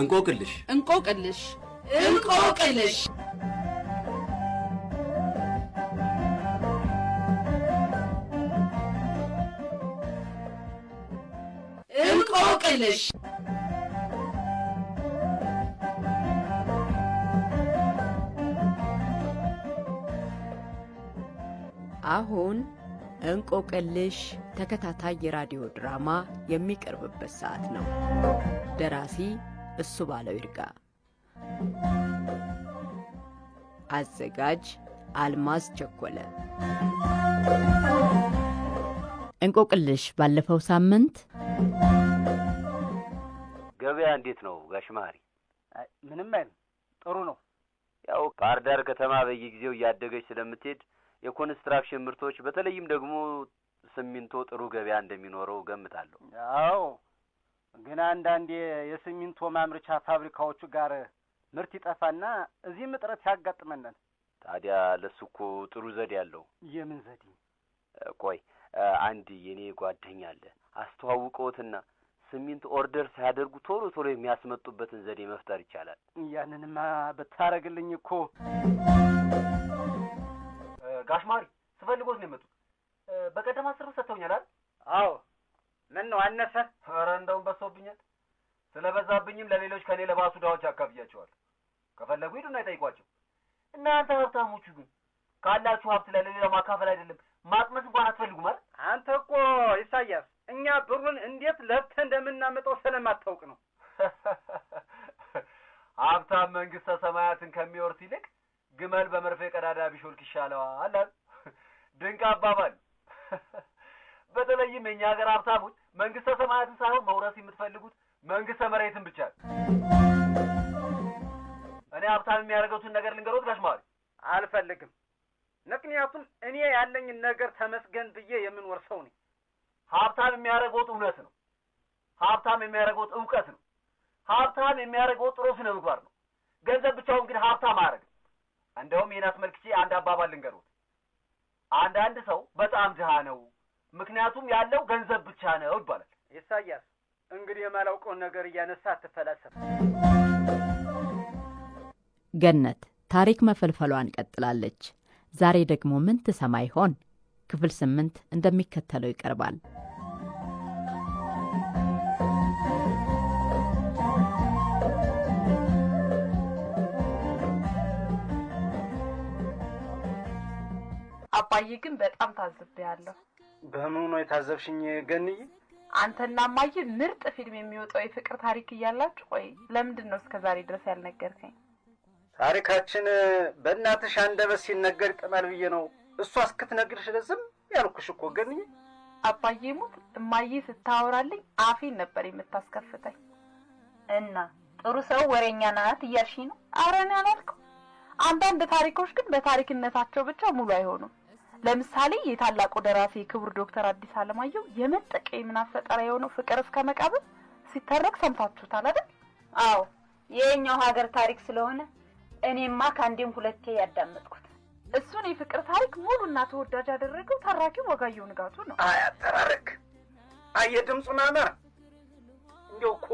እንቆቅልሽ እንቆቅልሽ እንቆቅልሽ እንቆቅልሽ አሁን እንቆቅልሽ ተከታታይ የራዲዮ ድራማ የሚቀርብበት ሰዓት ነው። ደራሲ እሱ ባለው ይርጋ። አዘጋጅ አልማዝ ቸኮለ። እንቆቅልሽ ባለፈው ሳምንት ገበያ እንዴት ነው ጋሽ መሀሪ? ምንም አይልም፣ ጥሩ ነው። ያው ባህር ዳር ከተማ በየጊዜው እያደገች ስለምትሄድ የኮንስትራክሽን ምርቶች በተለይም ደግሞ ሲሚንቶ ጥሩ ገበያ እንደሚኖረው ገምታለሁ። አዎ ግን አንዳንዴ የሲሚንቶ ማምረቻ ፋብሪካዎቹ ጋር ምርት ይጠፋና እዚህም እጥረት ያጋጥመናል። ታዲያ ለሱ እኮ ጥሩ ዘዴ አለው። የምን ዘዴ? ቆይ አንድ የኔ ጓደኛ አለ አስተዋውቀውትና ሲሚንቶ ኦርደር ሳያደርጉ ቶሎ ቶሎ የሚያስመጡበትን ዘዴ መፍጠር ይቻላል። ያንንማ ብታረግልኝ እኮ ጋሽማሪ ስፈልጎት ነው የመጡት። በቀደም አስር ብር ሰጥተውኛል። አዎ ምን ነው አነሰ? ኧረ እንደውም በሶብኛል። ስለበዛብኝም ለሌሎች ከኔ ለባሱ ዳዎች አካፍያቸዋል። ከፈለጉ ሂዱና ይጠይቋቸው። እናንተ ሀብታሞቹ ግን ካላችሁ ሀብት ላይ ማካፈል አይደለም ማቅመስ እንኳን አትፈልጉም አይደል? አንተ እኮ ኢሳያስ፣ እኛ ብሩን እንዴት ለፍተህ እንደምናመጣው ስለማታውቅ ነው። ሀብታም መንግስተ ሰማያትን ከሚወርስ ይልቅ ግመል በመርፌ ቀዳዳ ቢሾልክ ይሻለዋል። ድንቅ አባባል። በተለይም የእኛ ሀገር ሀብታሞች መንግስተ ሰማያትን ሳይሆን መውረስ የምትፈልጉት መንግስተ መሬትን ብቻ። እኔ ሀብታም የሚያደርገውትን ነገር ልንገሮት ጋሽ ማሪ አልፈልግም። ምክንያቱም እኔ ያለኝን ነገር ተመስገን ብዬ የምንወርሰው ነኝ። ሀብታም የሚያደርገውት እውነት ነው። ሀብታም የሚያደርገውት እውቀት ነው። ሀብታም የሚያደርገውት ጥሩ ስነ ምግባር ነው። ገንዘብ ብቻውን ግን ሀብታም አያደርግም። እንደውም ይህን አስመልክቼ አንድ አባባል ልንገሮት። አንዳንድ ሰው በጣም ድሃ ነው ምክንያቱም ያለው ገንዘብ ብቻ ነው ይባላል። ኢሳያስ እንግዲህ የማላውቀውን ነገር እያነሳ አትፈላሰፍ። ገነት ታሪክ መፈልፈሏን ቀጥላለች። ዛሬ ደግሞ ምን ትሰማ ይሆን? ክፍል ስምንት እንደሚከተለው ይቀርባል። አባዬ ግን በጣም ታዝቤያለሁ። በምኑ ነው የታዘብሽኝ ገንዬ? አንተና ማየ ምርጥ ፊልም የሚወጣው የፍቅር ታሪክ እያላችሁ ቆይ፣ ለምንድን ነው እስከዛሬ ድረስ ያልነገርከኝ? ታሪካችን በእናትሽ አንደበት ሲነገር ይጠናል ብዬ ነው እሷ እስክትነግርሽ ዝም ያልኩሽ እኮ ገንዬ። አባዬ ሙት እማዬ ስታወራልኝ አፌን ነበር የምታስከፍተኝ። እና ጥሩ ሰው ወሬኛ ናት እያልሽ ነው? አብረን ያላልከው። አንዳንድ ታሪኮች ግን በታሪክነታቸው ብቻ ሙሉ አይሆኑም። ለምሳሌ የታላቁ ደራሲ ክቡር ዶክተር አዲስ አለማየሁ የመጠቀ የምናብ የሆነው ፍቅር እስከ መቃብር ሲተረክ ሰምታችሁታል አይደል? አዎ፣ የኛው ሀገር ታሪክ ስለሆነ እኔማ ከአንዴም ሁለቴ ያዳመጥኩት። እሱን የፍቅር ታሪክ ሙሉና ተወዳጅ ያደረገው ተራኪው ወጋየሁ ንጋቱ ነው። አይ አጠራረክ፣ አየ ድምፁን ናና እንዲያው እኮ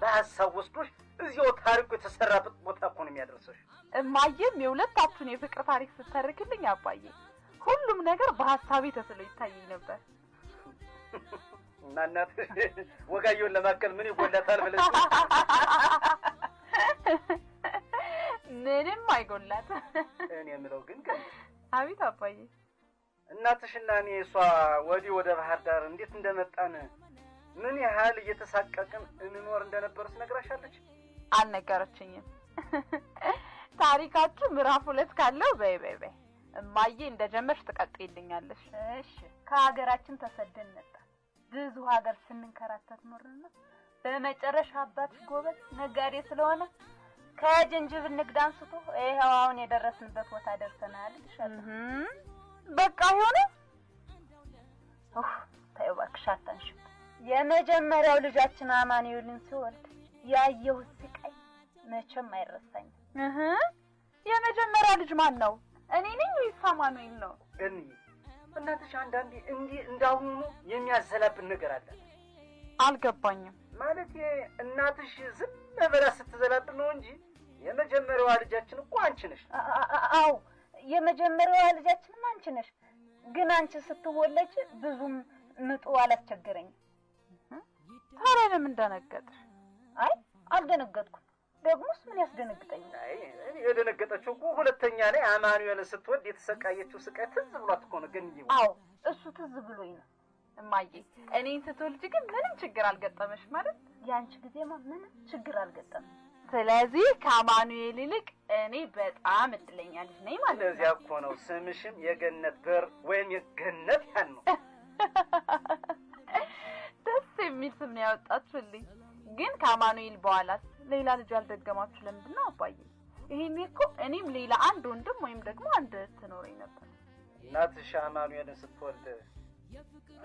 በሀሳብ ወስዶሽ እዚያው ታሪኩ የተሰራበት ቦታ እኮ ነው የሚያደርሰሽ። እማዬም የሁለታችሁን የፍቅር ታሪክ ስተርክልኝ አባዬ ሁሉም ነገር በሀሳቤ ተስሎ ይታየኝ ነበር። እና እናት ወጋየውን ለማከል ምን ይጎላታል ብለሽ? ምንም አይጎላት። እኔ የምለው ግን ግን አቤት አባዬ፣ እናትሽና እኔ እሷ ወዲህ ወደ ባህር ዳር እንዴት እንደመጣን ምን ያህል እየተሳቀቅን እንኖር እንደነበር ነግራሻለች? አልነገረችኝም። ታሪካችሁ ምዕራፍ ሁለት ካለው በይ በይ በይ እማዬ እንደጀመርሽ ትቀጥይልኛለሽ። እሺ ከሀገራችን ተሰደን መጣ ብዙ ሀገር ስንንከራተት ኖርና በመጨረሻ አባት ጎበዝ ነጋዴ ስለሆነ ከጅንጅብል ንግድ አንስቶ ይኸው አሁን የደረስንበት ቦታ ደርሰናል። ይሻላል በቃ ሆነ። ተይው እባክሽ የመጀመሪያው ልጃችን አማኑኤልን ሲወልድ ያየሁት ስቃይ መቼም አይረሳኝም። የመጀመሪያ ልጅ ማን ነው? እኔ ነኝ ወይስ አማኑኤል ነው? ገንዬ እናትሽ አንዳንዴ እንዲህ እንዳሁኑ የሚያዘላብን ነገር አለ። አልገባኝም። ማለት እናትሽ ዝም ብላ ስትዘላብን ነው እንጂ የመጀመሪያዋ ልጃችን እኮ አንቺ ነሽ። አዎ የመጀመሪያዋ ልጃችንም አንቺ ነሽ። ግን አንቺ ስትወለጅ ብዙም ምጡ አላስቸገረኝም። ታዲያ ለምን ደነገጥሽ? አይ አልደነገጥኩም። ደግሞስ ምን ያስደነግጠኛል? የተሰቃየችው ሁለተኛ ላይ አማኑኤል ስትወድ የተሰቃየችው ስቃይ ትዝ ብሏት እኮ ነው። ግን አዎ እሱ ትዝ ብሎኝ ነው እማዬ። እኔን ስትወልጅ ግን ምንም ችግር አልገጠመሽ ማለት የአንቺ ጊዜማ ምንም ችግር አልገጠመም። ስለዚህ ከአማኑኤል ይልቅ እኔ በጣም እድለኛ ልጅ ነኝ ማለት ነው። ለዚያ እኮ ነው ስምሽም የገነት በር ወይም የገነት ያን ነው። ደስ የሚል ስም ነው ያወጣችሁልኝ። ግን ከአማኑኤል በኋላ ሌላ ልጅ ያልደገማችሁ ለምንድን ነው አባዬ? ይሄኔ እኮ እኔም ሌላ አንድ ወንድም ወይም ደግሞ አንድ እህት ትኖረኝ ነበር። እናትሽ አማኑኤልን ስትወልድ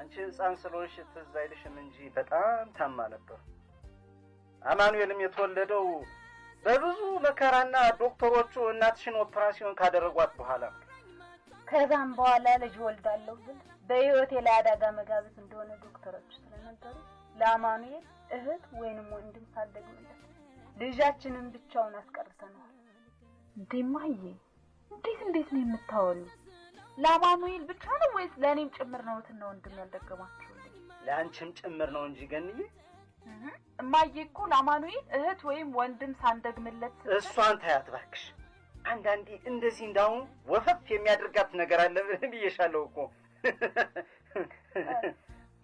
አንቺ ህፃን ስለሆንሽ ትዝ አይልሽም እንጂ በጣም ታማ ነበር። አማኑኤልም የተወለደው በብዙ መከራና ዶክተሮቹ እናትሽን ኦፕራሲዮን ካደረጓት በኋላ ከዛም በኋላ ልጅ ወልዳለሁ ብል በህይወቴ ላይ አደጋ መጋቢት እንደሆነ ዶክተሮች ስለነገሩ ለአማኑኤል እህት ወይንም ወንድም ሳልደግምለት ልጃችንን ብቻውን አስቀርተነዋል። እንዴማዬ እንዴት እንዴት ነው የምታወሉ? ለአማኑኤል ብቻ ነው ወይስ ለእኔም ጭምር ነው? እህትና ወንድም ያልደገማችሁ ለአንቺም ጭምር ነው እንጂ ገንዬ። እማዬ እኮ ለአማኑኤል እህት ወይም ወንድም ሳንደግምለት እሷን ታያት እባክሽ። አንዳንዴ እንደዚህ እንዳሁን ወፈፍ የሚያደርጋት ነገር አለ ብዬሻለሁ እኮ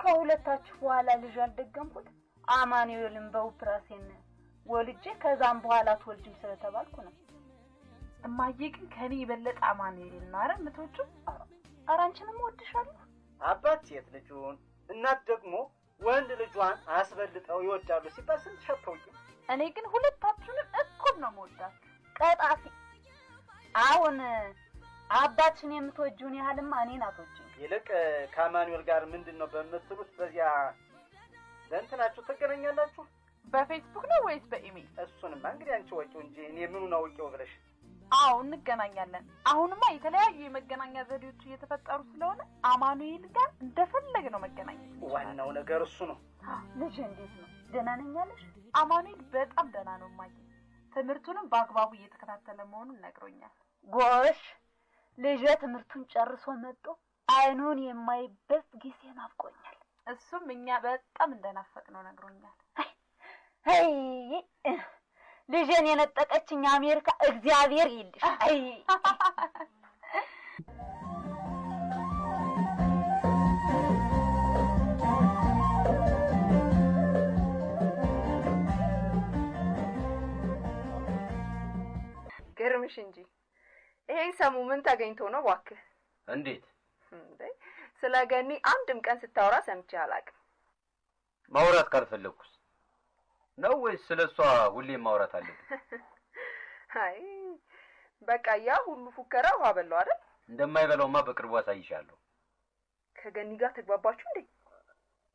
ከሁለታችሁ በኋላ ልጅ ያልደገምኩት አማኑኤልን በኦፕራሴን ወልጄ ከዛም በኋላ ትወልድ ስለተባልኩ ነው። እማዬ ግን ከኔ የበለጠ አማኑኤል ነው። አረ ምቶቹ አራንችንም ወድሻሉ። አባት ሴት ልጁን እናት ደግሞ ወንድ ልጇን አስበልጠው ይወዳሉ ሲባል ስንት ሸተውኝ። እኔ ግን ሁለታችሁንም እኩል ነው መወዳት። ቀጣፊ አሁን አባትሽን የምትወጂውን ያህልማ እኔን አትወጂኝ። ይልቅ ከአማኑኤል ጋር ምንድን ነው በምትሉት በዚያ በእንትናችሁ ትገናኛላችሁ። በፌስቡክ ነው ወይስ በኢሜይል? እሱንማ እንግዲህ አንቺ ወጪው እንጂ እኔ ምኑን አውቄው ብለሽ አዎ እንገናኛለን። አሁንማ የተለያዩ የመገናኛ ዘዴዎች እየተፈጠሩ ስለሆነ አማኑኤል ጋር እንደፈለግ ነው መገናኘት። ዋናው ነገር እሱ ነው። ልጅ እንዴት ነው? ደህና ነኝ አለሽ? አማኑኤል በጣም ደህና ነው ማየ። ትምህርቱንም በአግባቡ እየተከታተለ መሆኑን ነግሮኛል። ጎሽ ልጅ ትምህርቱን ጨርሶ መጥቶ አይኑን የማይበት ጊዜ ናፍቆኛል። እሱም እኛ በጣም እንደናፈቅ ነው ነግሮኛል። አይ ልጄን የነጠቀችኝ አሜሪካ እግዚአብሔር ይልሽ። ግርምሽ እንጂ ይሄን ሰሙ ምን ተገኝቶ ነው እባክህ? እንዴት ስለ ገኒ አንድም ቀን ስታወራ ሰምቼ አላውቅም። ማውራት ካልፈለግኩስ ነው ወይስ ስለ እሷ ሁሌ ማውራት አለብን? አይ በቃ ያ ሁሉ ፉከራ ውሃ በላው አይደል? እንደማይበላውማ በቅርቡ አሳይሻለሁ። ከገኒ ጋር ተግባባችሁ እንዴ?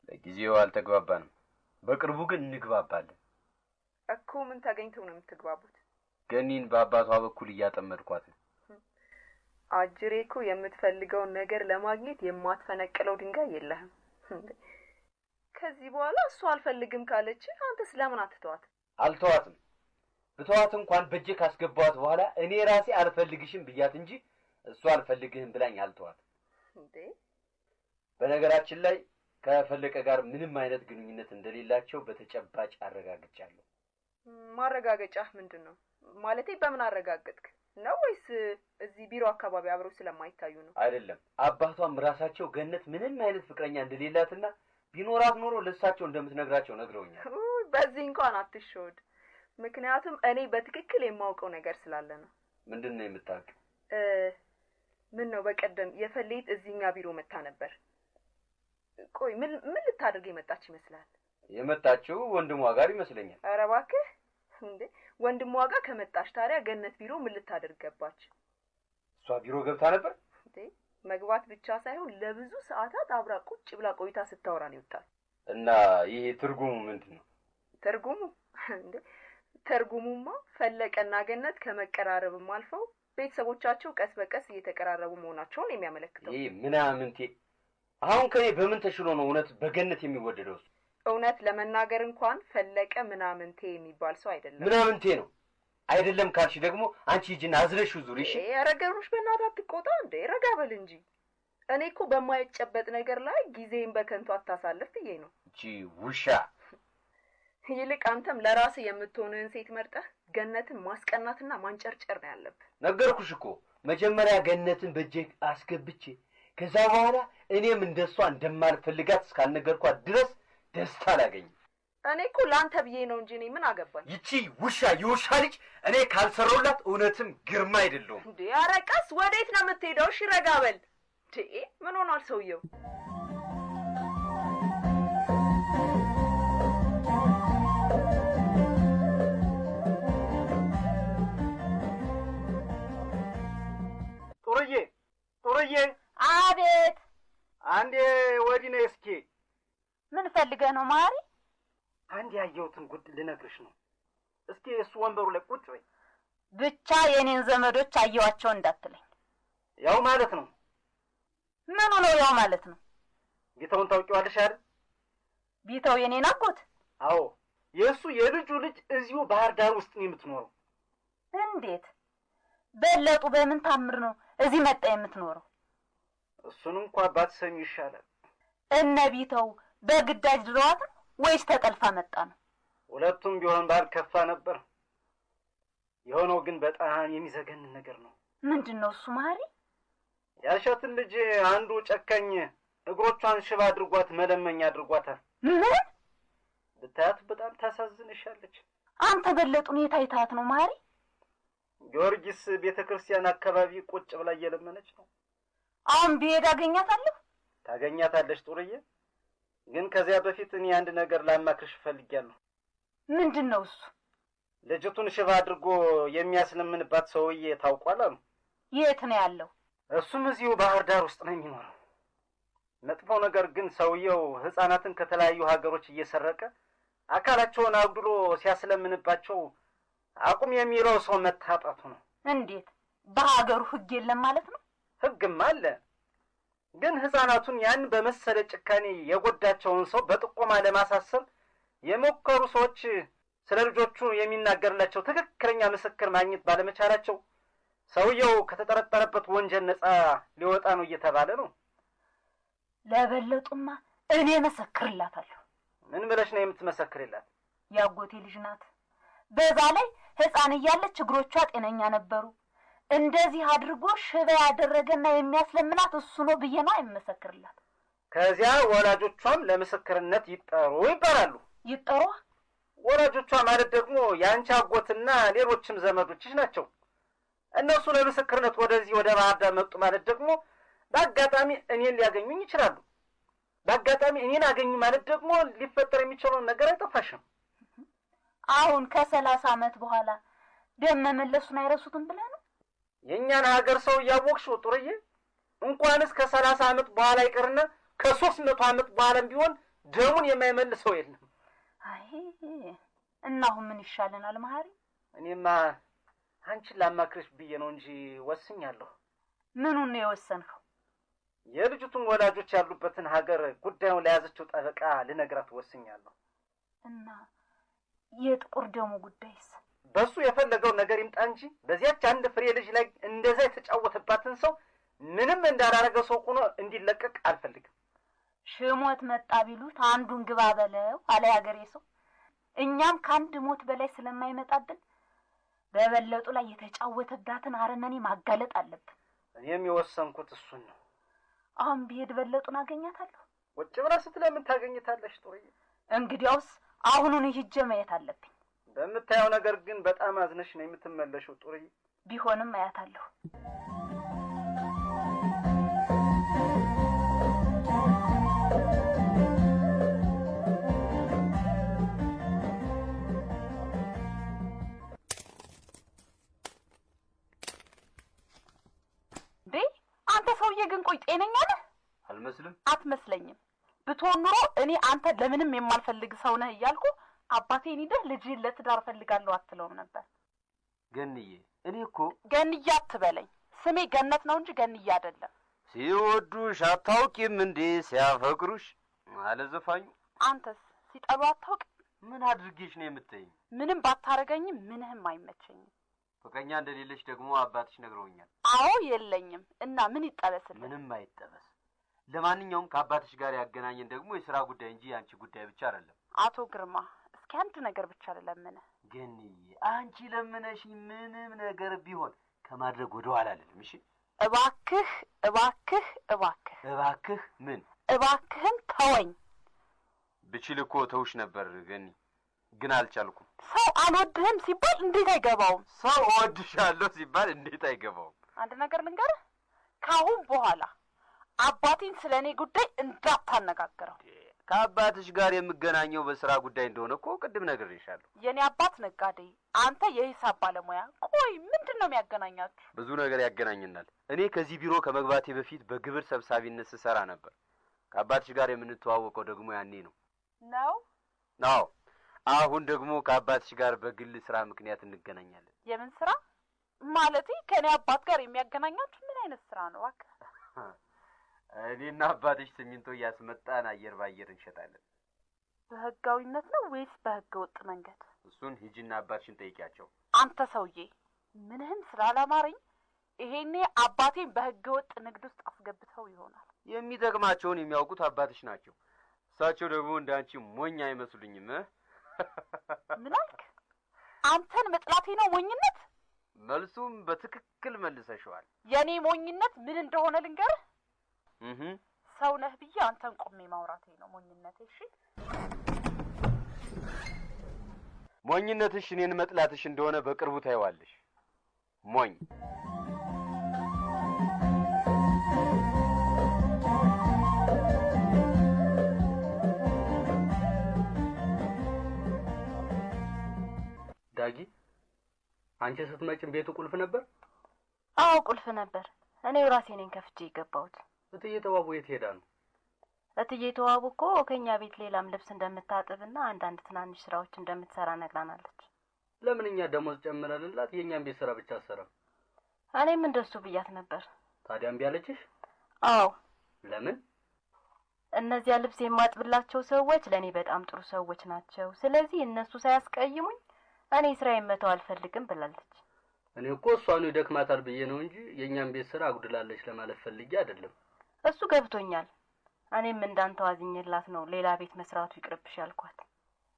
ለጊዜው አልተግባባንም፣ በቅርቡ ግን እንግባባለን። እኮ ምን ተገኝተው ነው የምትግባቡት? ገኒን በአባቷ በኩል እያጠመድኳት ነው። አጅሬ እኮ የምትፈልገውን ነገር ለማግኘት የማትፈነቅለው ድንጋይ የለህም። ከዚህ በኋላ እሷ አልፈልግም ካለች አንተ ስለምን አትተዋት? አልተዋትም። ብተዋት እንኳን በእጄ ካስገባዋት በኋላ እኔ ራሴ አልፈልግሽም ብያት እንጂ እሷ አልፈልግህም ብላኝ አልተዋት። እንዴ በነገራችን ላይ ከፈለቀ ጋር ምንም አይነት ግንኙነት እንደሌላቸው በተጨባጭ አረጋግጫለሁ። ማረጋገጫ ምንድን ነው ማለቴ? በምን አረጋገጥክ ነው ወይስ እዚህ ቢሮ አካባቢ አብረው ስለማይታዩ ነው? አይደለም አባቷም ራሳቸው ገነት ምንም አይነት ፍቅረኛ እንደሌላትና ቢኖራት ኖሮ ለእሳቸው እንደምትነግራቸው ነግረውኛል። በዚህ እንኳን አትሾድ ምክንያቱም እኔ በትክክል የማውቀው ነገር ስላለ ነው። ምንድን ነው የምታውቅ? ምን ነው በቀደም የፈሌት እዚህኛ ቢሮ መታ ነበር። ቆይ ምን ምን ልታደርግ የመጣች ይመስላል? የመጣችው ወንድሟ ጋር ይመስለኛል። ኧረ እንዴ! ወንድሟ ጋር ከመጣች ታዲያ ገነት ቢሮ ምን ልታደርግ ገባች? እሷ ቢሮ ገብታ ነበር መግባት ብቻ ሳይሆን ለብዙ ሰዓታት አብራ ቁጭ ብላ ቆይታ ስታወራ ነው ይወጣል። እና ይሄ ትርጉሙ ምንድን ነው? ትርጉሙ እንዴ ትርጉሙማ ፈለቀና ገነት ከመቀራረብም አልፈው ቤተሰቦቻቸው ቀስ በቀስ እየተቀራረቡ መሆናቸውን የሚያመለክተው ይህ ምናምንቴ አሁን ከኔ በምን ተሽሎ ነው እውነት በገነት የሚወደደው? እውነት ለመናገር እንኳን ፈለቀ ምናምንቴ የሚባል ሰው አይደለም። ምናምንቴ ነው አይደለም ካልሽ ደግሞ አንቺ ሂጂና አዝለሽው ዙሪ። እሺ ያረገሩሽ በእናትህ አትቆጣ እንዴ! ረጋ በል እንጂ። እኔ እኮ በማይጨበጥ ነገር ላይ ጊዜን በከንቱ አታሳልፍ ብዬ ነው እንጂ ውሻ። ይልቅ አንተም ለራስህ የምትሆንህን ሴት መርጠህ ገነትን ማስቀናትና ማንጨርጨር ነው ያለብህ። ነገርኩሽ እኮ መጀመሪያ ገነትን በእጄ አስገብቼ ከዛ በኋላ እኔም እንደሷ እንደማልፈልጋት እስካልነገርኳት ድረስ ደስታ አላገኝም። እኔ እኮ ለአንተ ብዬ ነው እንጂ እኔ ምን አገባኝ። ይቺ ውሻ የውሻ ልጅ እኔ ካልሰራሁላት እውነትም ግርማ አይደለሁም። እንዴ አረቀስ ወዴት ነው የምትሄደው? እሺ ረጋ በል። ምን ሆኗል ሰውየው? ጡርዬ ጡርዬ! አቤት። አንዴ ወዲህ ነይ እስኪ። ምን ፈልገህ ነው ማሪ? አንድ ያየሁትን ጉድ ልነግርሽ ነው። እስኪ እሱ ወንበሩ ላይ ቁጭ በይ። ብቻ የእኔን ዘመዶች አየዋቸው እንዳትለኝ። ያው ማለት ነው። ምኑ ነው ያው ማለት ነው? ቢተውን ታውቂዋለሽ አይደል? ቢተው የኔን አጎት። አዎ፣ የእሱ የልጁ ልጅ እዚሁ ባህር ዳር ውስጥ ነው የምትኖረው። እንዴት በለጡ? በምን ታምር ነው እዚህ መጣ የምትኖረው? እሱን እንኳ ባትሰሚ ይሻላል። እነ ቢተው በግዳጅ ድረዋት ነው ወይስ ተጠልፋ መጣ ነው? ሁለቱም ቢሆን ባልከፋ ነበር። የሆነው ግን በጣም የሚዘገንን ነገር ነው። ምንድን ነው እሱ? ማሪ ያልሻትን ልጅ አንዱ ጨከኝ እግሮቿን ሽባ አድርጓት መለመኛ አድርጓታል። ምን ብታያት በጣም ታሳዝንሻለች። አንተ በለጥ ሁኔታ አይታት ነው ማሪ። ጊዮርጊስ ቤተ ክርስቲያን አካባቢ ቁጭ ብላ እየለመነች ነው። አሁን ብሄድ አገኛታለሁ። ታገኛታለች ጡርዬ ግን ከዚያ በፊት እኔ አንድ ነገር ላማክርሽ እፈልጊያለሁ። ምንድን ነው እሱ? ልጅቱን ሽባ አድርጎ የሚያስለምንባት ሰውዬ ታውቋል አሉ። የት ነው ያለው? እሱም እዚሁ ባህር ዳር ውስጥ ነው የሚኖረው። መጥፎ ነገር ግን ሰውየው ሕፃናትን ከተለያዩ ሀገሮች እየሰረቀ አካላቸውን አጉድሎ ሲያስለምንባቸው አቁም የሚለው ሰው መታጣቱ ነው። እንዴት በሀገሩ ሕግ የለም ማለት ነው? ሕግም አለ ግን ሕፃናቱን ያን በመሰለ ጭካኔ የጎዳቸውን ሰው በጥቆማ ለማሳሰብ የሞከሩ ሰዎች ስለ ልጆቹ የሚናገርላቸው ትክክለኛ ምስክር ማግኘት ባለመቻላቸው ሰውየው ከተጠረጠረበት ወንጀል ነፃ ሊወጣ ነው እየተባለ ነው። ለበለጡማ እኔ መሰክርላታለሁ። ምን ብለሽ ነው የምትመሰክርላት? ያጎቴ ልጅ ናት። በዛ ላይ ሕፃን እያለች እግሮቿ ጤነኛ ነበሩ። እንደዚህ አድርጎ ሽባ ያደረገና የሚያስለምናት እሱ ነው ብዬ ነው አይመሰክርላት። ከዚያ ወላጆቿም ለምስክርነት ይጠሩ ይባላሉ። ይጠሯ ወላጆቿ ማለት ደግሞ የአንቺ አጎትና ሌሎችም ዘመዶችሽ ናቸው። እነሱ ለምስክርነት ወደዚህ ወደ ባህር ዳር መጡ ማለት ደግሞ በአጋጣሚ እኔን ሊያገኙኝ ይችላሉ። በአጋጣሚ እኔን አገኙ ማለት ደግሞ ሊፈጠር የሚችለውን ነገር አይጠፋሽም። አሁን ከሰላሳ ዓመት በኋላ ደም መመለሱን አይረሱትም ብለህ ነው የእኛን ሀገር ሰው እያወቅሽው ጡርዬ እንኳንስ ከሰላሳ አመት በኋላ ይቅርና ከሶስት መቶ አመት በኋላም ቢሆን ደሙን የማይመልሰው የለም። አይ እና አሁን ምን ይሻለናል መሀሪ? እኔማ አንቺን ላማክርሽ ብዬ ነው እንጂ ወስኛለሁ። ምኑን ነው የወሰንከው? የልጅቱን ወላጆች ያሉበትን ሀገር ጉዳዩን ለያዘችው ጠበቃ ልነግራት ወስኛለሁ። እና የጥቁር ደሙ ጉዳይስ በሱ የፈለገው ነገር ይምጣ እንጂ በዚያች አንድ ፍሬ ልጅ ላይ እንደዛ የተጫወተባትን ሰው ምንም እንዳላረገ ሰው ሆኖ እንዲለቀቅ አልፈልግም። ሽሞት መጣ ቢሉት አንዱን ግባ በለው አለ ያገሬ ሰው። እኛም ከአንድ ሞት በላይ ስለማይመጣብን በበለጡ ላይ የተጫወተባትን አረመኔ ማጋለጥ አለብን። እኔም የወሰንኩት እሱን ነው። አሁን ብሄድ በለጡን አገኛታለሁ። ውጭ ብላ ስትለምን ታገኝታለሽ? ጥሩ እንግዲያውስ አሁኑን ሂጄ ማየት አለብኝ። በምታየው ነገር ግን በጣም አዝነሽ ነው የምትመለሽው ጡርዬ። ቢሆንም አያታለሁ። አንተ ሰውዬ ግን ቆይ ጤነኛ ነህ? አልመስልም። አትመስለኝም። ብትሆን ኑሮ እኔ አንተ ለምንም የማልፈልግ ሰው ነህ እያልኩ አባቴን ሂደህ ልጅ ለትዳር ፈልጋለሁ አትለውም ነበር? ገንዬ እኔ እኮ ገንዬ አትበለኝ። ስሜ ገነት ነው እንጂ ገንዬ አይደለም። ሲወዱሽ አታውቂም እንዴ? ሲያፈቅሩሽ አለ ዘፋኙ። አንተስ ሲጠሉ አታውቅ ምን አድርጌሽ ነው የምትይኝ? ምንም ባታረገኝም ምንህም አይመቸኝም። ፍቅረኛ እንደሌለሽ ደግሞ አባትሽ ነግረውኛል። አዎ የለኝም። እና ምን ይጠበስልን? ምንም አይጠበስ። ለማንኛውም ከአባትሽ ጋር ያገናኘን ደግሞ የስራ ጉዳይ እንጂ የአንቺ ጉዳይ ብቻ አይደለም። አቶ ግርማ እስኪ አንድ ነገር ብቻ ልለምን። ግን አንቺ ለምነሽ ምንም ነገር ቢሆን ከማድረግ ወደ ኋላ አልልም። እሺ እባክህ፣ እባክህ፣ እባክህ፣ እባክህ ምን? እባክህን ተወኝ። ብችል እኮ ተውሽ ነበር ግን ግን አልቻልኩም። ሰው አልወድህም ሲባል እንዴት አይገባውም? ሰው እወድሻለሁ ሲባል እንዴት አይገባውም? አንድ ነገር ልንገርህ፣ ከአሁን በኋላ አባቴን ስለ እኔ ጉዳይ እንዳታነጋግረው። ከአባትሽ ጋር የምገናኘው በስራ ጉዳይ እንደሆነ እኮ ቅድም ነግሬሻለሁ። የእኔ አባት ነጋዴ፣ አንተ የሂሳብ ባለሙያ። ቆይ ምንድን ነው የሚያገናኛችሁ? ብዙ ነገር ያገናኝናል። እኔ ከዚህ ቢሮ ከመግባቴ በፊት በግብር ሰብሳቢነት ስሰራ ነበር። ከአባትሽ ጋር የምንተዋወቀው ደግሞ ያኔ ነው። ነው? አዎ። አሁን ደግሞ ከአባትሽ ጋር በግል ስራ ምክንያት እንገናኛለን። የምን ስራ ማለት? ከእኔ አባት ጋር የሚያገናኛችሁ ምን አይነት ስራ ነው? እባክህ እኔና አባትሽ ሲሚንቶ እያስመጣን አየር ባየር እንሸጣለን። በህጋዊነት ነው ወይስ በህገ ወጥ መንገድ? እሱን ሂጂና አባትሽን ጠይቂያቸው። አንተ ሰውዬ ምንህም ስላላማረኝ ይሄኔ አባቴን በህገ ወጥ ንግድ ውስጥ አስገብተው ይሆናል። የሚጠቅማቸውን የሚያውቁት አባትሽ ናቸው። እሳቸው ደግሞ እንደ አንቺ ሞኝ አይመስሉኝም። ምን አልክ? አንተን መጥላቴ ነው ሞኝነት? መልሱም በትክክል መልሰሸዋል። የእኔ ሞኝነት ምን እንደሆነ ልንገርህ ሰው ነህ ብዬ አንተን ቆሜ ማውራቴ ነው ሞኝነት። እሺ ሞኝነትሽ እኔን መጥላትሽ እንደሆነ በቅርቡ ታይዋለሽ። ሞኝ ዳጊ፣ አንቺ ስትመጭም ቤቱ ቁልፍ ነበር? አዎ ቁልፍ ነበር። እኔ ራሴ ነኝ ከፍቼ የገባሁት። እትዬ ተዋቡ የት ሄዳ ነው? እትዬ ተዋቡ እኮ ከእኛ ቤት ሌላም ልብስ እንደምታጥብና አንዳንድ ትናንሽ ስራዎች እንደምትሰራ ነግራናለች። ለምን እኛ ደሞዝ ጨምረንላት የእኛን ቤት ስራ ብቻ አሰራም? እኔም እንደሱ ብያት ነበር። ታዲያ እምቢ አለችሽ? አዎ። ለምን? እነዚያ ልብስ የማጥብላቸው ሰዎች ለእኔ በጣም ጥሩ ሰዎች ናቸው። ስለዚህ እነሱ ሳያስቀይሙኝ እኔ ስራዬን መተው አልፈልግም ብላለች። እኔ እኮ እሷኑ ይደክማታል ብዬ ነው እንጂ የእኛን ቤት ስራ አጉድላለች ለማለት ፈልጌ አይደለም። እሱ ገብቶኛል። እኔም እንዳንተ ዋዝኝላት ነው ሌላ ቤት መስራቱ ይቅርብሽ ያልኳት።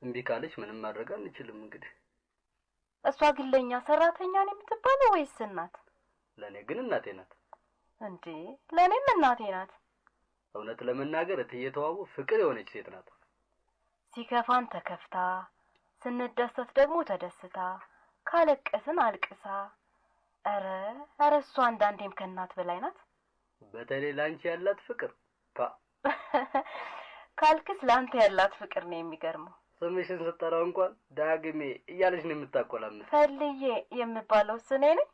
እምቢ ካለች ምንም ማድረግ አንችልም። እንግዲህ እሷ ግለኛ ሰራተኛ ነው የምትባለው ወይስ እናት? ለእኔ ግን እናቴ ናት። እንዴ ለእኔም እናቴ ናት። እውነት ለመናገር እትዬ ተዋቡ ፍቅር የሆነች ሴት ናት። ሲከፋን ተከፍታ፣ ስንደሰት ደግሞ ተደስታ፣ ካለቀስን አልቅሳ። እረ ኧረ እሷ አንዳንዴም ከእናት በላይ ናት። በተለይ ላንቺ ያላት ፍቅር ካልክስ ለአንተ ያላት ፍቅር ነው የሚገርመው። ስምሽን ስጠራው እንኳን ዳግሜ እያለች ነው የምታቆላምት። ፈልዬ የምባለው ስኔ ነኝ።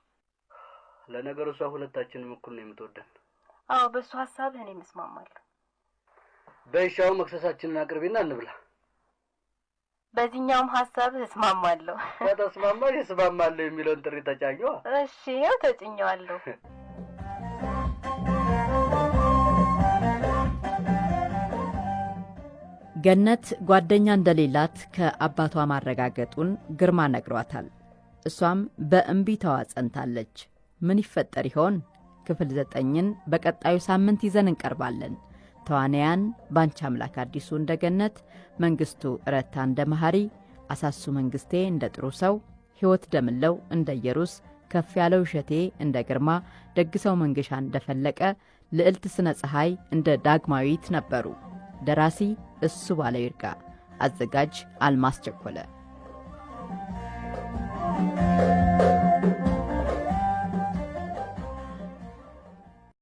ለነገሩ እሷ ሁለታችንም እኩል ነው የምትወደን። አዎ፣ በእሱ ሀሳብህ እኔ እስማማለሁ። በእሻው መክሰሳችንን አቅርቢና እንብላ። በዚህኛውም ሀሳብህ እስማማለሁ። ከተስማማሽ እስማማለሁ የሚለውን ጥሪ ተጫኘዋ። እሺ፣ ይኸው ተጭኘዋለሁ። ገነት ጓደኛ እንደሌላት ከአባቷ ማረጋገጡን ግርማ ነግሯታል። እሷም በእምቢታዋ ጸንታለች። ምን ይፈጠር ይሆን? ክፍል ዘጠኝን በቀጣዩ ሳምንት ይዘን እንቀርባለን። ተዋናያን ባንቺ አምላክ አዲሱ እንደ ገነት፣ መንግሥቱ እረታ እንደ መሐሪ፣ አሳሱ መንግሥቴ እንደ ጥሩ ሰው፣ ሕይወት ደምለው እንደ ኢየሩስ፣ ከፍ ያለው እሸቴ እንደ ግርማ፣ ደግሰው መንገሻ እንደ ፈለቀ፣ ልዕልት ስነ ፀሐይ እንደ ዳግማዊት ነበሩ። ደራሲ እሱ ባለ ይርጋ። አዘጋጅ አልማስ ቸኮለ